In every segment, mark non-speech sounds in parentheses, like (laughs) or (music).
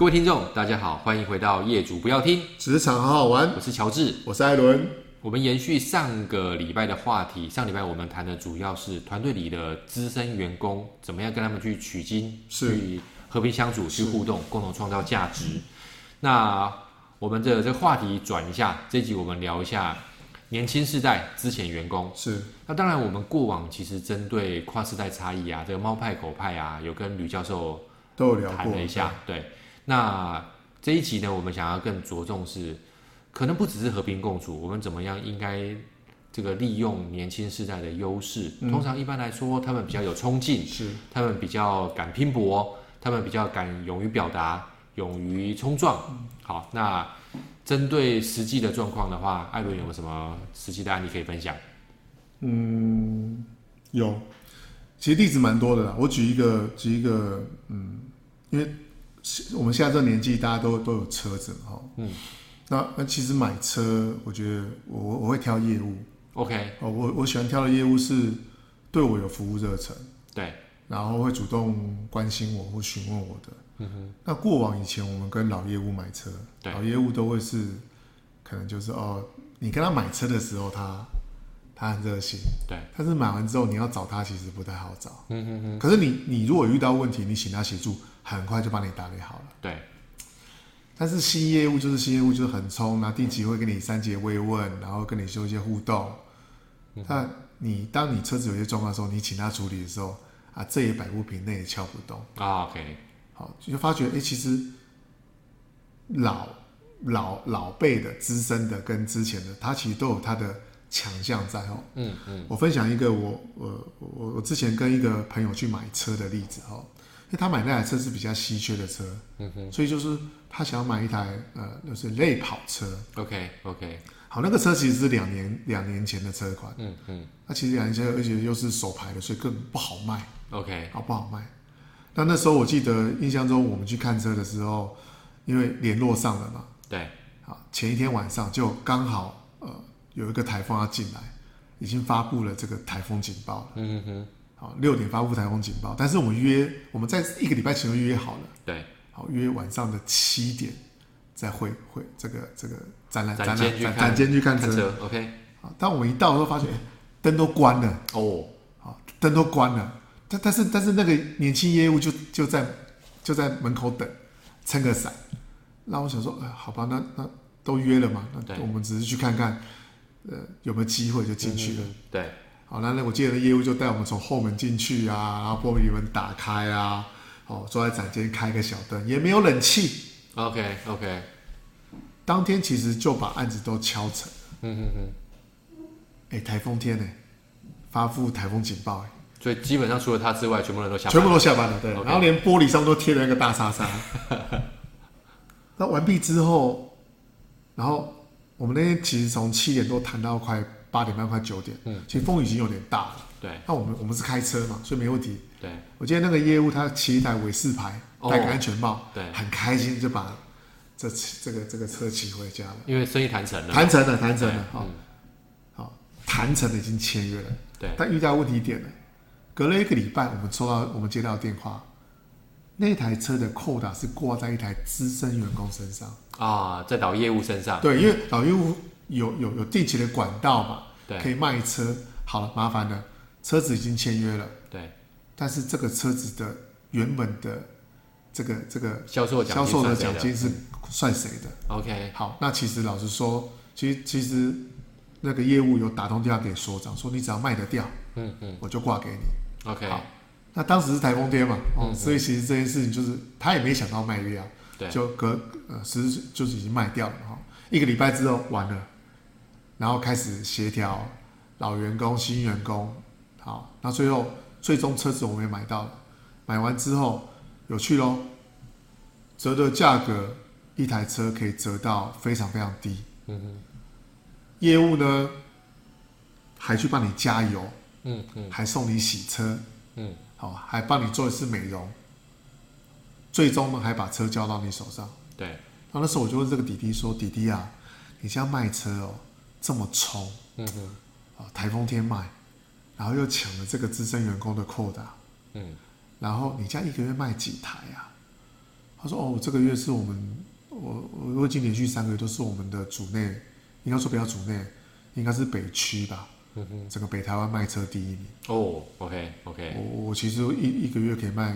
各位聽眾，大家好，歡迎回到《業主不要聽職場好好玩》。我是喬治，我是艾倫。我們延續上個禮拜的話題，上禮拜我們談的主要是團隊裡的資深員工怎麼樣跟他們去取經，去是和平相處，去互動，是共同創造價值。是那我們的這個話題轉一下，這集我們聊一下年輕世代之前員工是。那當然，我們過往其實針對跨世代差異啊，這個貓派狗派啊，有跟呂教授都有聊過談了一下，對。對那這一集呢，我們想要更着重是，可能不只是和平共處，我們怎麼樣應該這個利用年輕世代的優勢。嗯、通常一般來說，他們比較有衝勁，是他們比較敢拼搏，他們比較敢勇於表達，勇於衝撞。嗯、好，那針對實際的狀況的話，艾倫有沒有什麼實際的案例可以分享？嗯，有，其實例子蠻多的啦。我舉一個，舉一個，嗯，因為。我們現在這個年紀，大家都都有車子哈。哦、嗯，那那其實買車，我覺得我我會挑業務。OK，哦，我我喜歡挑的業務是對我有服務熱忱。對，然後會主動關心我或詢問我的。嗯哼那過往以前我們跟老業務買車，對老業務都會是可能就是哦，你跟他買車的時候他，他他很熱心，對，但是買完之後你要找他，其實不太好找。嗯哼哼，可是你你如果遇到問題，你請他協助。很快就幫你打理好了。對，但是新業務就是新業務就是很衝，那定期會跟你三節慰問，嗯、然後跟你修一些互動。那、嗯、你當你車子有些狀況的時候，你請他處理的時候，啊，這也擺不平，那也撬不動。哦、OK，好，就發覺哎、欸，其實老老老輩的、資深的跟之前的，他其實都有他的強項在哦。嗯嗯，我分享一個我我我我之前跟一個朋友去買車的例子哦。因為他買那台車是比較稀缺的車，嗯、哼所以就是他想要買一台呃，就是類跑車。OK OK，好，那個車其實是兩年兩年前的車款。嗯嗯哼，那、啊、其實兩年前，而且又是手排，的，所以更不好賣。OK，啊不好賣。但那時候我記得印象中我們去看車的時候，因為聯絡上了嘛。對。前一天晚上就剛好、呃、有一個台風要進來，已經發布了這個台風警報了。嗯哼哼好，六點發布颱風警報，但是我們約我們在一個禮拜前就約好了，對，好約晚上的七點再會會這個這個展覽展覽展間去看車，看車，OK，好，但我們一到的時候發現，欸，燈都關了哦，oh. 好燈都關了，但但是但是那個年輕業務就就在就在門口等，撐個傘，那我想說，哎，好吧，那那，那都約了嘛，對那我們只是去看看，呃，有沒有機會就進去了，對。對好，那那我今天的業務就帶我們從後門進去啊，然後玻璃門打開啊，哦，坐在展間開個小燈，也沒有冷氣。OK OK，當天其實就把案子都敲成了嗯。嗯嗯嗯。哎、欸，台風天呢、欸，發布台風警報、欸，所以基本上除了他之外，全部人都下班了，全部都下班了，對。Okay. 然後連玻璃上都貼了一個大沙沙。那 (laughs) 完畢之後，然後我們那天其實從七點多談到快。八點半快九點，嗯，其實風已經有點大了，嗯、對。那我們我們是開車嘛，所以沒問題。對，我今天那個業務他騎一台偉士牌，哦、戴個安全帽，對，很開心就把這這個這個車騎回家了。因為生意談成了，談成了，談成了，哈，好談成了已經簽約了，對。但遇到問題點了，隔了一個禮拜，我們收到我們接到電話，那台車的扣打是掛在一台資深員工身上啊、哦，在老業務身上，對，嗯、因為老業務。有有有定期的管道嘛？對，可以賣車。好了，麻煩了，車子已經簽約了。對，但是這個車子的原本的這個這個銷售獎銷售的獎金是算誰的？OK，好，那其實老實說，其實其實那個業務有打通電話給所長說，你只要賣得掉，嗯嗯，嗯我就掛給你。OK，好，那當時是台風天嘛、哦嗯，嗯，所以其實這件事情就是他也沒想到賣約啊，對，就隔呃，實就是已經賣掉了哈、哦，一個禮拜之後完了。然後開始協調老員工、新員工，好，那最後最終車子我們也買到了，買完之後有去咯，折的價格一台車可以折到非常非常低，嗯哼業務呢還去幫你加油，嗯嗯哼，還送你洗車，嗯，好，還幫你做一次美容，最終呢還把車交到你手上，對，那那時候我就問這個弟弟說：“弟弟啊，你現在賣車哦？”這麼衝，嗯哼，啊，台風天賣，然後又搶了這個資深員工的扣打，嗯，然後你家一個月賣幾台啊？他說：哦，這個月是我們，我我我已經連續三個月都是我們的組內，應該說不要組內，應該是北區吧，嗯哼，整個北台灣賣車第一名。哦、oh，OK OK，我我其實一一個月可以賣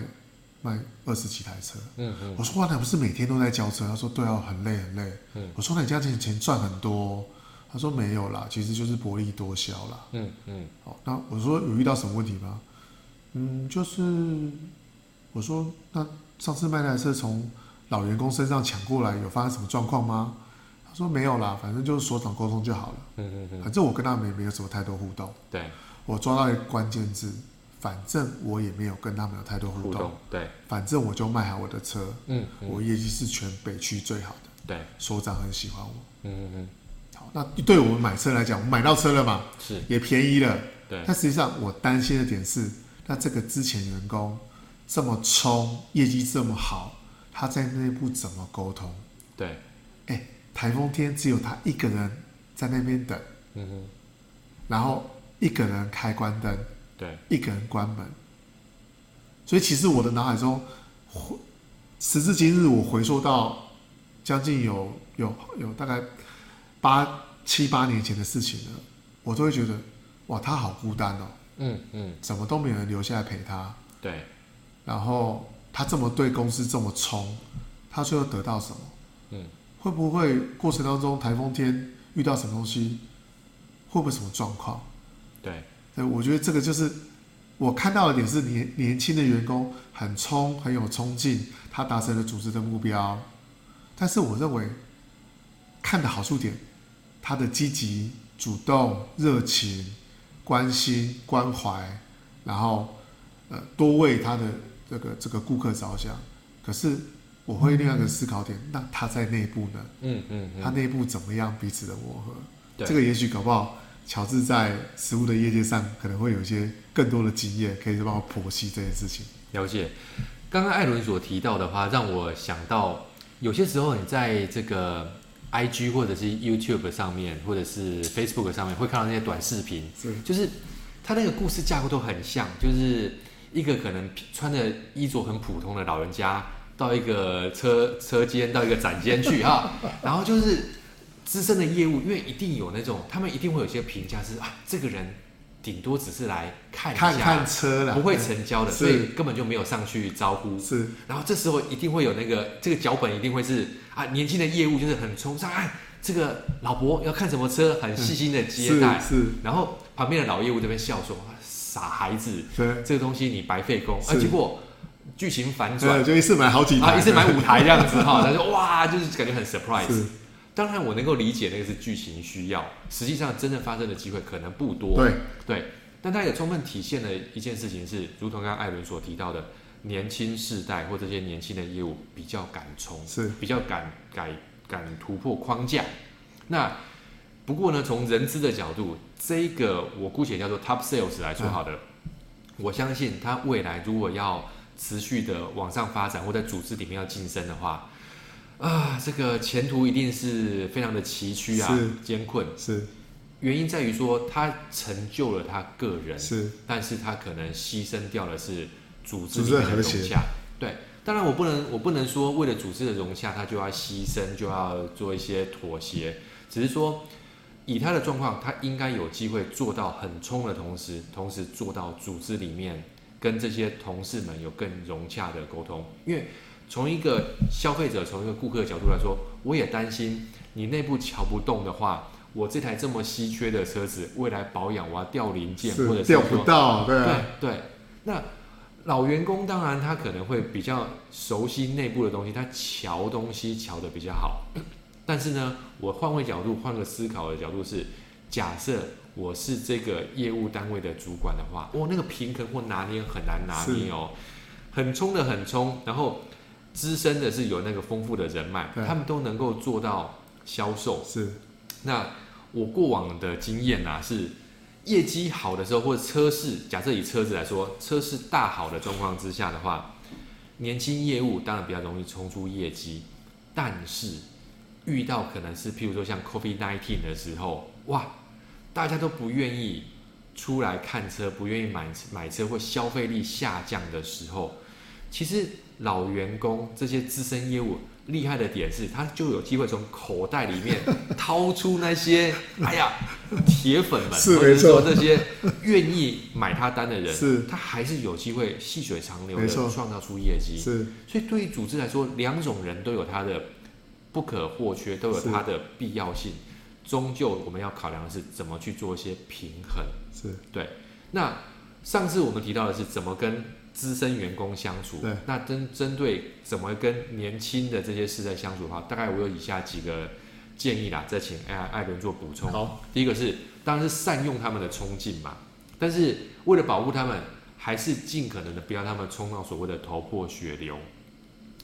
賣二十幾台車，嗯哼，嗯，我說哇，那不是每天都在交車？他說對啊、哦，很累很累。嗯，我說那你家這些錢賺很多。他說沒有啦，其實就是薄利多銷啦。嗯嗯。好、嗯哦，那我說有遇到什麼問題嗎？嗯，就是我說那上次賣那台車從老員工身上搶過來，有發生什麼狀況嗎？他說沒有啦，反正就是所長溝通就好了。嗯嗯嗯。嗯，反正我跟他們也沒有什麼太多互動。對。我抓到一個關鍵字，反正我也沒有跟他們有太多互動。互動對。反正我就賣好我的車。嗯。嗯，我業績是全北區最好的。對。所長很喜歡我。嗯嗯嗯。嗯那對我們買車來講，買到車了嘛，是也便宜了，對。但實際上我擔心的點是，那這個之前員工這麼衝，業績這麼好，他在內部怎麼溝通？對。哎、欸，台風天只有他一個人在那邊等，嗯哼，然後一個人開關燈，對，一個人關門。所以其實我的腦海中，回，時至今日我回溯到將近有有有大概八七八年前的事情了，我都會覺得，哇，他好孤單哦，嗯嗯，嗯，怎麼都沒有人留下來陪他，對，然後他這麼對公司這麼衝，他最後得到什麼？嗯，會不會過程當中颱風天遇到什麼東西，會不會什麼狀況？對，所以我覺得這個就是我看到的點是年年輕的員工很衝，很衝，很有衝勁，他達成了組織的目標，但是我認為看的好處點。他的積極、主動、熱情、關心、關懷，然後，呃，多為他的這個這個顧客着想。可是，我會另外一個思考點，嗯、那他在內部呢？嗯嗯，嗯嗯他內部怎麼樣？彼此的磨合，對這個也許搞不好，喬治在食物的業界上可能會有一些更多的經驗，可以幫我剖析這件事情。了解。剛剛艾倫所提到的話，讓我想到，有些時候你在這個。IG 或者是 YouTube 上面，或者是 Facebook 上面，會看到那些短視頻，是就是他那個故事架構都很像，就是一個可能穿着衣着很普通的老人家，到一個車車間，到一個展間去哈， (laughs) 然後就是資深的業務，因為一定有那種，他們一定會有些評價是啊，這個人。頂多只是來看一下車，不會成交的，所以根本就沒有上去招呼。是，然後這時候一定會有那個這個腳本，一定會是啊，年輕的業務就是很衝上，哎，這個老伯要看什麼車，很細心的接待。是，然後旁邊的老業務這邊笑說：“傻孩子，這個東西你白費工。”啊，結果劇情反轉，就一次買好幾台，一次買五台這樣子哈，他說：“哇，就是感覺很 surprise。”當然，我能夠理解那個是劇情需要，實際上真正發生的機會可能不多。對，對，但他也充分體現了一件事情是，是如同剛剛艾倫所提到的，年輕世代或這些年輕的業務比較敢衝，是比較敢改、敢突破框架。那不過呢，從人資的角度，這個我姑且叫做 top sales 來說好的，嗯，我相信他未來如果要持續的往上發展，或在組織裡面要晉升的話。啊，這個前途一定是非常的崎嶇啊，艱困是。原因在於說，他成就了他個人是，但是他可能犧牲掉的是組織裡面的融洽。對，當然我不能我不能說為了組織的融洽，他就要犧牲，就要做一些妥協。只是說，以他的狀況，他應該有機會做到很衝的同時，同時做到組織裡面跟這些同事們有更融洽的溝通，因為。從一個消費者、從一個顧客的角度來說，我也擔心你內部瞧不動的話，我這台這麼稀缺的車子，未來保養我要調零件或者是調不到，對、啊、對，對。那老員工當然他可能會比較熟悉內部的東西，他喬東西喬得比較好。但是呢，我換位角度，換個思考的角度是：假設我是這個業務單位的主管的話，哇，那個平衡或拿捏很難拿捏哦，的很衝的很衝，然後。資深的是有那個豐富的人脈，他們都能夠做到銷售。是，那我過往的經驗啊，是，業績好的時候或者車市，假設以車子來說，車市大好的狀況之下的話，年輕業務當然比較容易衝出業績。但是遇到可能是譬如說像 COVID-19 的時候，哇，大家都不願意出來看車，不願意買買車或消費力下降的時候，其實。老員工這些資深業務厲害的點是，他就有機會從口袋裡面掏出那些， (laughs) 哎呀鐵粉們，沒錯，或者說這些願意買他單的人，是，他還是有機會細水長流的創造出業績。是，所以對於組織來說，兩種人都有他的不可或缺，都有他的必要性。終是究我們要考量的是怎麼去做一些平衡。是對。那上次我們提到的是怎麼跟。資深員工相處，對那針針對怎麼跟年輕的這些事在相處的話，大概我有以下幾個建議啦。再請艾艾倫做補充。好第一個是，當然是善用他們的衝勁嘛，但是為了保護他們，還是盡可能的不要他們衝到所謂的頭破血流。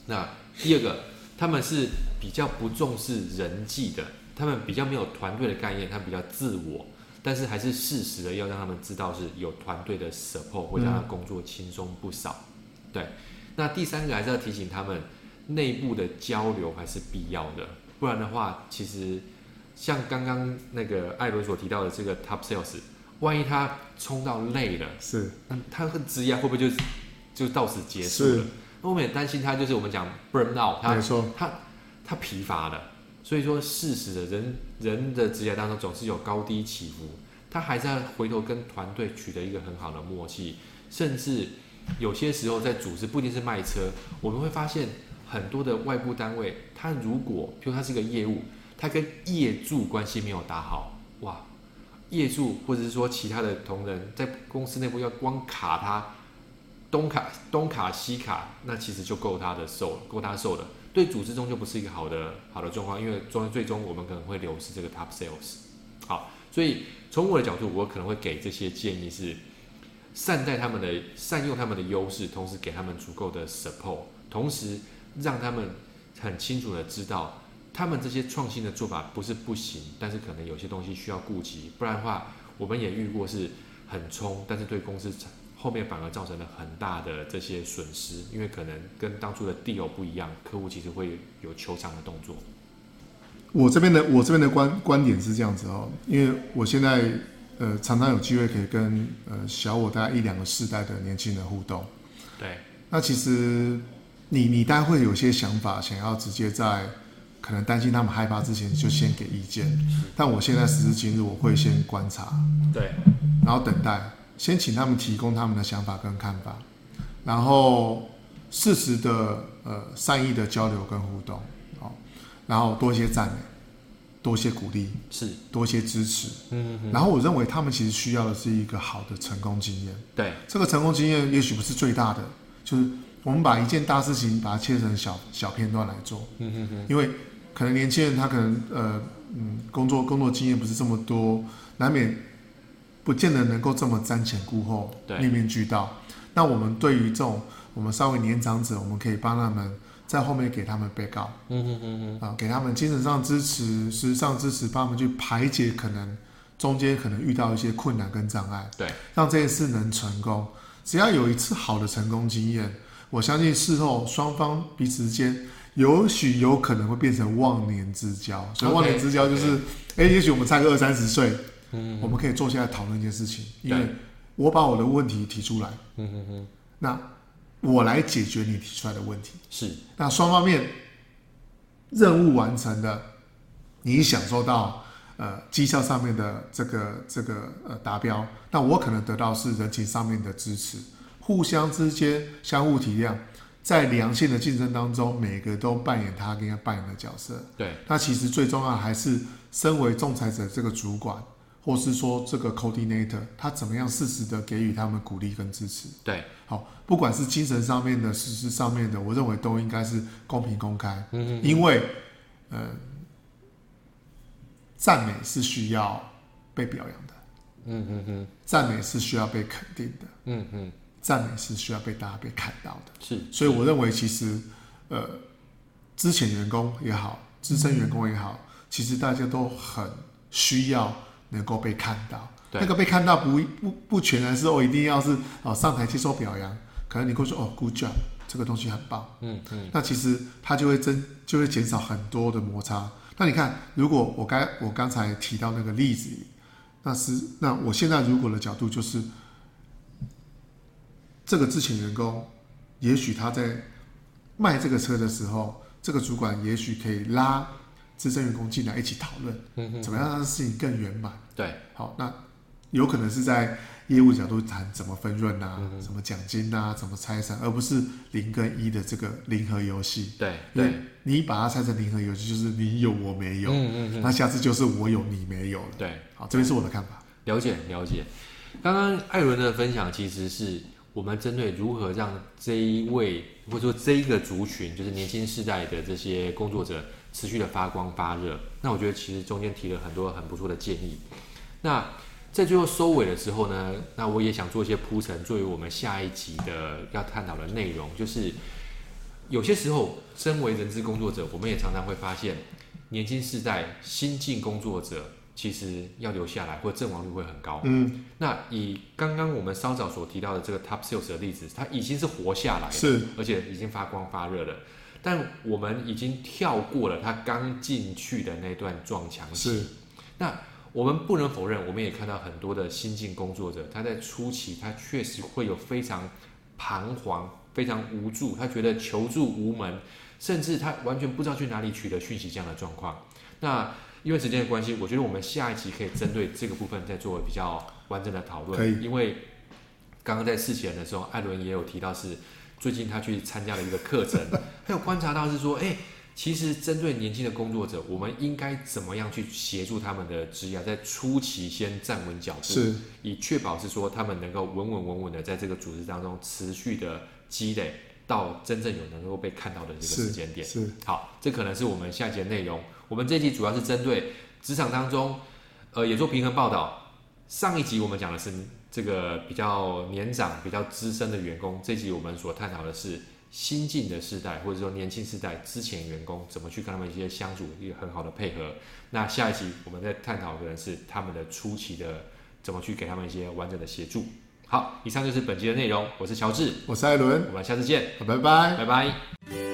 那第二個， (laughs) 他們是比較不重視人際的，他們比較沒有團隊的概念，他們比較自我。但是還是適時的要讓他們知道是有團隊的 support，會讓他工作輕鬆不少。嗯、對，那第三個還是要提醒他們，內部的交流還是必要的。不然的話，其實像剛剛那個艾倫所提到的這個 top sales，萬一他衝到累了，是，嗯，他職涯會不會就就到此結束了？是那我們也擔心他就是我們講 burn out，他錯他他疲乏了。所以說適時的人。人的職業當中總是有高低起伏，他還在回頭跟團隊取得一個很好的默契，甚至有些時候在組織不一定是賣車，我們會發現很多的外部單位，他如果譬如他是個業務，他跟業主關係沒有打好，哇，業主或者是說其他的同仁在公司內部要光卡他，東卡東卡西卡，那其實就夠他的受了，夠他受了。對，組織中就不是一個好的好的狀況，因為最終最終我們可能會流失這個 top sales。好，所以從我的角度，我可能會給這些建議是：善待他們的，善用他們的優勢，同時給他們足夠的 support，同時讓他們很清楚的知道，他們這些創新的做法不是不行，但是可能有些東西需要顧及，不然的話，我們也遇過是很衝，但是對公司產後面反而造成了很大的這些損失，因為可能跟當初的 deal 不一樣，客戶其實會有求償的動作。我這邊的我這邊的觀觀點是這樣子哦，因為我現在呃，常常有機會可以跟呃小我大概一兩個世代的年輕人互動。對，那其實你你待會有些想法，想要直接在可能擔心他們害怕之前，就先給意見。是但我現在時至今日，我會先觀察，對，然後等待。先請他們提供他們的想法跟看法，然後適時的呃善意的交流跟互動，好、哦，然後多一些讚美，多一些鼓勵，是多一些支持，嗯哼。然後我認為他們其實需要的是一個好的成功經驗，對，這個成功經驗也許不是最大的，就是我們把一件大事情把它切成小小片段來做，嗯哼哼。因為可能年輕人他可能呃嗯工作工作經驗不是這麼多，難免。不見得能夠這麼瞻前顧後，面對面俱到。那我們對於這種我們稍微年長者，我們可以幫他們在後面給他們被告、嗯，嗯嗯嗯嗯，啊，給他們精神上支持、實質上支持，幫他們去排解可能中間可能遇到一些困難跟障礙，對，讓這件事能成功。只要有一次好的成功經驗，我相信事後雙方彼此之間，也許有可能會變成忘年之交。所以忘年之交就是，哎 Okay, okay.、欸，也許我們差個二三十歲。嗯，我們可以坐下來討論一件事情，因為我把我的問題提出來，嗯哼哼，那我來解決你提出來的問題，是，那雙方面任務完成了，你享受到呃績效上面的這個這個呃達標，那我可能得到是人情上面的支持，互相之間相互體諒，在良性的競爭當中，每個都扮演他應該扮演的角色，對，那其實最重要的還是身為仲裁者這個主管。或是說這個 coordinator 他怎麼樣適時的給予他們鼓勵跟支持？對，好，不管是精神上面的、實質上面的，我認為都應該是公平公開。嗯嗯。因為，嗯、呃，讚美是需要被表揚的。嗯嗯嗯。讚美是需要被肯定的。嗯嗯哼。讚美是需要被大家被看到的。是。所以我認為，其實，呃，資淺員工也好，資深員工也好，嗯、其實大家都很需要。能夠被看到，對那個被看到不不不全然是哦，一定要是哦上台接受表揚，可能你會說哦 Good job，這個東西很棒，嗯，嗯那其實它就會增就會減少很多的摩擦。那你看，如果我該我剛才提到那個例子，那是那我現在如果的角度就是，這個知情員工，也許他在賣這個車的時候，這個主管也許可以拉。資深員工進來一起討論，嗯、哼怎麼樣讓事情更圓滿？對，好，那有可能是在業務角度談怎麼分潤啊，嗯、哼什麼獎金啊，怎麼拆散，而不是零跟一的這個零和遊戲。對，對你把它拆成零和遊戲，就是你有我沒有，嗯嗯哼那下次就是我有你沒有了。對，好，這邊是我的看法。了解，了解。剛剛艾倫的分享，其實是我們針對如何讓這一位或者說這一個族群，就是年輕世代的這些工作者。持續的發光發熱，那我覺得其實中間提了很多很不錯的建議。那在最後收尾的時候呢，那我也想做一些鋪陳，作為我們下一集的要探討的內容，就是有些時候，身為人資工作者，我們也常常會發現，年輕世代新進工作者其實要留下來或者陣亡率會很高。嗯，那以剛剛我們稍早所提到的這個 top sales 的例子，他已經是活下來了，是，而且已經發光發熱了。但我們已經跳過了他剛進去的那段撞牆期。是。那我們不能否認，我們也看到很多的新進工作者，他在初期他確實會有非常彷徨、非常無助，他覺得求助無門，甚至他完全不知道去哪裡取得訊息這樣的狀況。那因為時間的關係，我覺得我們下一集可以針對這個部分再做比較完整的討論。可以。因為剛剛在事前的時候，艾倫也有提到是。最近他去參加了一個課程，他有觀察到是說，誒、欸，其實針對年輕的工作者，我們應該怎麼樣去協助他們的職業在初期先站穩腳步，是，以確保是說他們能夠穩穩穩穩的在這個組織當中持續的積累，到真正有能夠被看到的這個時間點是。是，好，這可能是我們下集內容。我們這一集主要是針對職場當中，呃，也做平衡報道。上一集我們講的是。這個比較年長、比較資深的員工，這一集我們所探討的是新進的世代，或者說年輕世代之前員工怎麼去跟他們一些相處，一個很好的配合。那下一集我們在探討的人是他們的初期的怎麼去給他們一些完整的協助。好，以上就是本集的內容。我是喬治，我是艾倫，我們下次見，拜拜，拜拜。